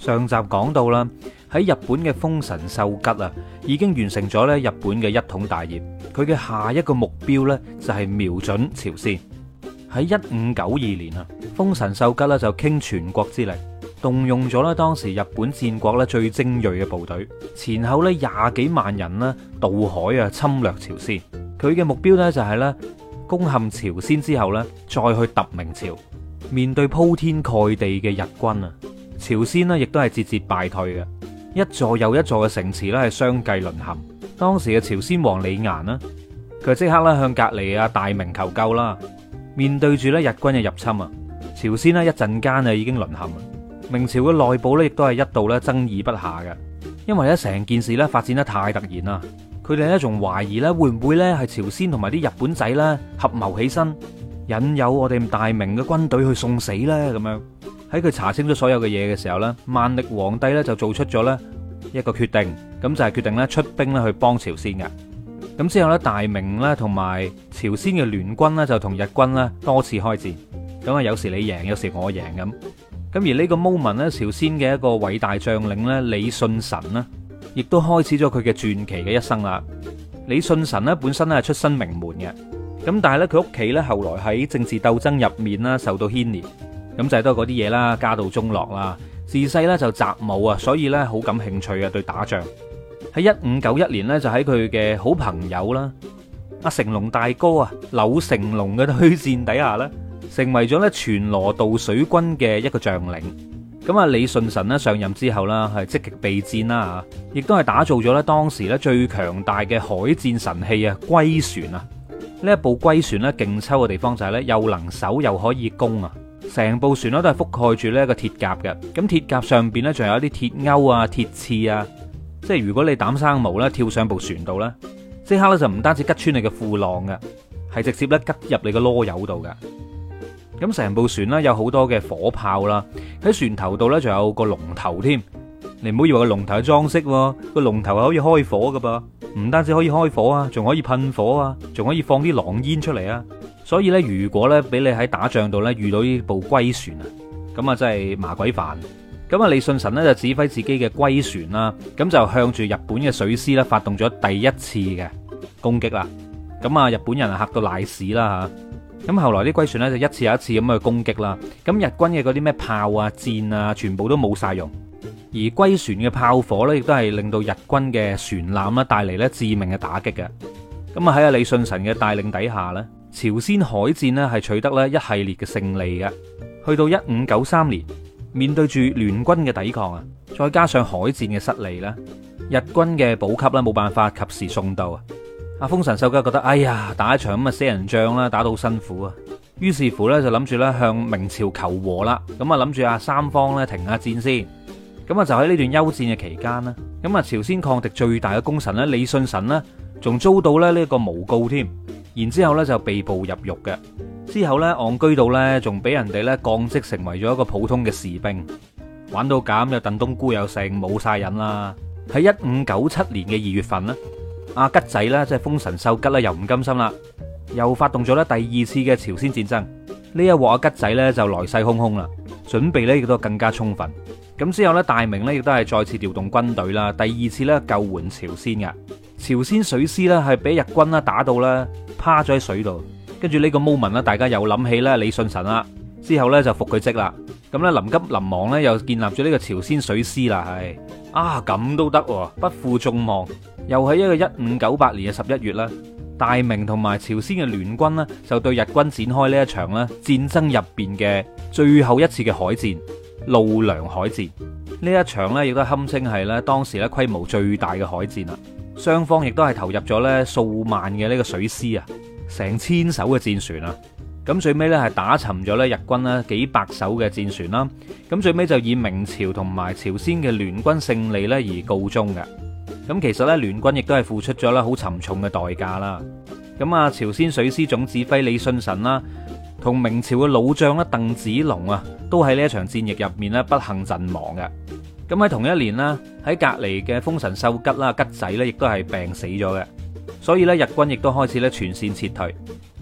上集講到啦，喺日本嘅豐臣秀吉啊，已經完成咗咧日本嘅一統大業。佢嘅下一個目標呢就係瞄準朝鮮。喺一五九二年啊，豐臣秀吉呢就傾全國之力，動用咗咧當時日本戰國咧最精銳嘅部隊，前後呢廿幾萬人啦，渡海啊侵略朝鮮。佢嘅目標呢就係呢攻陷朝鮮之後呢再去揼明朝。面對鋪天蓋地嘅日軍啊！朝鮮咧亦都係節節敗退嘅，一座又一座嘅城池咧係相繼淪陷。當時嘅朝鮮王李岩呢，佢即刻咧向隔籬啊大明求救啦。面對住咧日軍嘅入侵啊，朝鮮呢一陣間啊已經淪陷。明朝嘅內部咧亦都係一度咧爭議不下嘅，因為咧成件事咧發展得太突然啦，佢哋咧仲懷疑咧會唔會咧係朝鮮同埋啲日本仔咧合謀起身。引誘我哋大明嘅軍隊去送死呢。咁樣喺佢查清咗所有嘅嘢嘅時候呢，萬曆皇帝呢就做出咗呢一個決定，咁就係、是、決定呢出兵呢去幫朝鮮嘅。咁之後呢，大明呢同埋朝鮮嘅聯軍呢就同日軍呢多次開戰，咁啊有時你贏，有時我贏咁。咁而呢個 moment 呢，朝鮮嘅一個偉大將領呢，李舜臣呢，亦都開始咗佢嘅傳奇嘅一生啦。李舜臣呢本身咧係出身名門嘅。咁但係咧，佢屋企咧，後來喺政治鬥爭入面啦，受到牽連，咁就係都嗰啲嘢啦，家道中落啦。自細咧就習武啊，所以咧好感興趣啊，對打仗。喺一五九一年咧，就喺佢嘅好朋友啦，阿成龍大哥啊，柳成龍嘅推薦底下咧，成為咗咧全羅道水軍嘅一個將領。咁啊，李舜臣呢上任之後啦，係積極備戰啦，亦都係打造咗咧當時咧最強大嘅海戰神器啊，龜船啊。呢一部龜船咧勁抽嘅地方就係、是、咧，又能守又可以攻啊！成部船咧都係覆蓋住咧個鐵甲嘅，咁鐵甲上邊咧仲有一啲鐵鈎啊、鐵刺啊，即係如果你膽生毛咧跳上部船度咧，即刻咧就唔單止吉穿你嘅褲浪嘅，係直接咧吉入你個籮柚度嘅。咁成部船咧有好多嘅火炮啦，喺船頭度咧仲有個龍頭添。你唔好以為個龍頭係裝飾，啊，個龍頭係可以開火噶噃、啊。唔單止可以開火啊，仲可以噴火啊，仲可以放啲狼煙出嚟啊！所以呢，如果呢俾你喺打仗度呢遇到呢部龜船啊，咁啊真係麻鬼煩！咁啊，李舜臣呢就指揮自己嘅龜船啦，咁就向住日本嘅水師咧發動咗第一次嘅攻擊啦！咁啊，日本人啊吓到瀨屎啦吓！咁後來啲龜船呢，就一次又一次咁去攻擊啦，咁日軍嘅嗰啲咩炮啊、箭啊，全部都冇晒用。而龜船嘅炮火呢，亦都係令到日軍嘅船艦啦，帶嚟咧致命嘅打擊嘅。咁啊，喺阿李舜臣嘅帶領底下呢，朝鮮海戰咧係取得咧一系列嘅勝利嘅。去到一五九三年，面對住聯軍嘅抵抗啊，再加上海戰嘅失利啦，日軍嘅補給啦冇辦法及時送到啊。阿豐臣秀吉覺得，哎呀，打一場咁啊死人仗啦，打到辛苦啊，於是乎呢就諗住咧向明朝求和啦。咁啊諗住阿三方咧停下戰先。咁啊，就喺呢段休戰嘅期間咧，咁啊朝鮮抗敵最大嘅功臣咧，李舜臣咧，仲遭到咧呢個誣告添，然之後咧就被捕入獄嘅，之後咧昂居到咧，仲俾人哋咧降職成為咗一個普通嘅士兵，玩到咁又鄧冬菇又剩冇晒癮啦。喺一五九七年嘅二月份咧，阿吉仔啦，即係豐臣秀吉啦，又唔甘心啦，又發動咗咧第二次嘅朝鮮戰爭。呢一鑊阿吉仔咧就來勢洶洶啦，準備咧亦都更加充分。咁之後呢，大明呢亦都係再次調動軍隊啦，第二次呢，救援朝鮮嘅朝鮮水師呢係俾日軍呢打到呢趴咗喺水度。跟住呢個 moment 呢，大家又諗起呢李舜臣啦，之後呢就復佢職啦。咁呢，臨急臨忙呢又建立咗呢個朝鮮水師啦，係啊咁都得，不負眾望，又喺一個一五九八年嘅十一月啦。大明同埋朝鮮嘅聯軍呢，就對日軍展開呢一場呢戰爭入邊嘅最後一次嘅海戰。露梁海戰呢一場咧亦都堪稱係咧當時咧規模最大嘅海戰啦，雙方亦都係投入咗咧數萬嘅呢個水師啊，成千艘嘅戰船啊，咁最尾咧係打沉咗咧日軍咧幾百艘嘅戰船啦，咁最尾就以明朝同埋朝鮮嘅聯軍勝利咧而告終嘅，咁其實咧聯軍亦都係付出咗咧好沉重嘅代價啦，咁啊朝鮮水師總指揮李舜臣啦。同明朝嘅老將咧鄧子龍啊，都喺呢一場戰役入面咧不幸陣亡嘅。咁喺同一年咧，喺隔籬嘅豐臣秀吉啦，吉仔咧亦都係病死咗嘅。所以咧，日軍亦都開始咧全線撤退。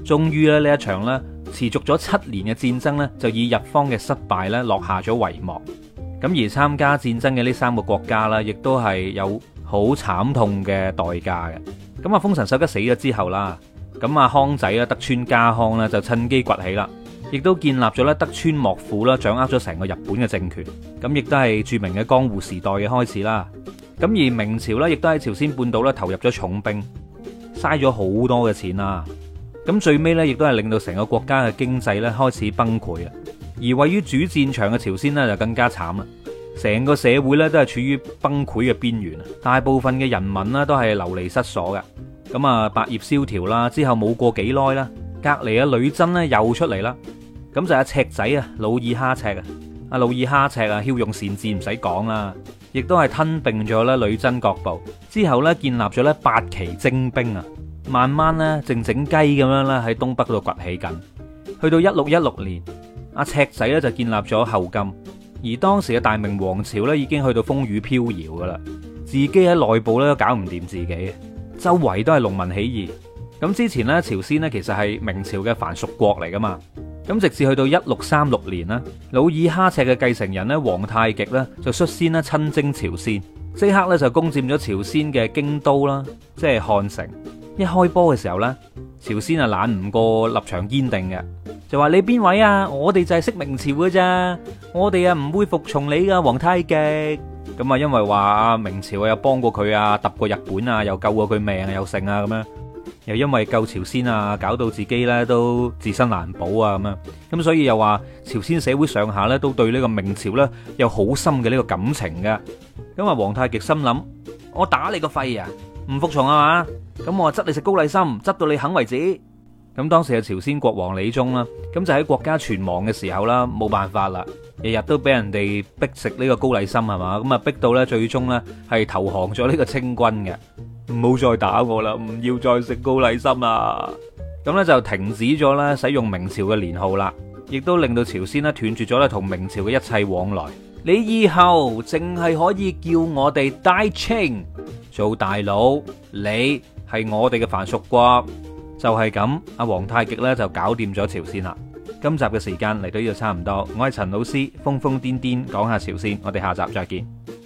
終於咧呢一場咧持續咗七年嘅戰爭咧，就以日方嘅失敗咧落下咗帷幕。咁而參加戰爭嘅呢三個國家啦，亦都係有好慘痛嘅代價嘅。咁啊，豐臣秀吉死咗之後啦。咁啊，康仔啦，德川家康啦，就趁機崛起啦，亦都建立咗咧德川幕府啦，掌握咗成個日本嘅政權。咁亦都係著名嘅江戶時代嘅開始啦。咁而明朝咧，亦都喺朝鮮半島咧投入咗重兵，嘥咗好多嘅錢啦。咁最尾咧，亦都係令到成個國家嘅經濟咧開始崩潰啊。而位於主戰場嘅朝鮮呢，就更加慘啦。成個社會咧都係處於崩潰嘅邊緣，大部分嘅人民呢，都係流離失所嘅。咁啊，百業蕭條啦，之後冇過幾耐啦，隔籬啊女真，呢又出嚟啦，咁就係阿赤仔啊，努爾哈赤啊，阿努爾哈赤啊，驍勇善戰唔使講啦，亦都係吞併咗咧女真國部，之後呢，建立咗呢八旗精兵啊，慢慢呢，靜靜雞咁樣咧喺東北度崛起緊，去到一六一六年，阿赤仔呢就建立咗後金，而當時嘅大明王朝呢，已經去到風雨飄搖噶啦，自己喺內部咧都搞唔掂自己。周圍都係農民起義，咁之前呢，朝鮮呢其實係明朝嘅藩屬國嚟噶嘛，咁直至去到一六三六年啦，努爾哈赤嘅繼承人呢，皇太極呢，就率先咧親征朝鮮，即刻呢就攻占咗朝鮮嘅京都啦，即係漢城。一開波嘅時候呢，朝鮮啊懶唔過立場堅定嘅，就話你邊位啊，我哋就係識明朝嘅啫，我哋啊唔會服從你噶、啊，皇太極。咁啊，因為話啊明朝啊又幫過佢啊，揼過日本啊，又救過佢命啊，又剩啊咁樣，又因為救朝鮮啊，搞到自己咧都自身難保啊咁樣，咁所以又話朝鮮社會上下咧都對呢個明朝咧有好深嘅呢個感情㗎，咁啊，皇太極心諗，我打你個肺啊，唔服從啊嘛，咁我話執你食高麗參，執到你肯為止。咁當時係朝鮮國王李宗啦，咁就喺國家存亡嘅時候啦，冇辦法啦，日日都俾人哋逼食呢個高麗參係嘛，咁啊逼到咧最終咧係投降咗呢個清軍嘅，唔好再打我啦，唔要再食高麗參啦，咁咧就停止咗咧使用明朝嘅年號啦，亦都令到朝鮮咧斷絕咗咧同明朝嘅一切往來，你以後淨係可以叫我哋大清做大佬，你係我哋嘅附屬國。就係咁，阿皇太極咧就搞掂咗朝鮮啦。今集嘅時間嚟到呢度差唔多，我係陳老師，瘋瘋癲癲講下朝鮮，我哋下集再見。